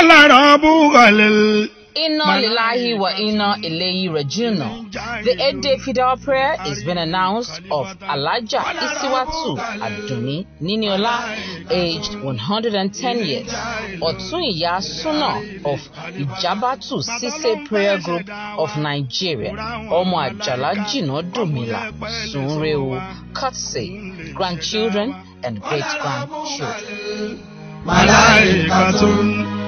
Alara Bugalil. Inna lillahi wa inna ilayhi rajiun. The eight-day Fidel prayer is being announced of Alaja Isiwatu Aduni Niniola, aged 110 years. Otunya Suna of Ijabatu Sise Prayer Group of Nigeria. Omo Ajala Jino Dumila Sunreu Kotse. Grandchildren and great-grandchildren. Malaikatun.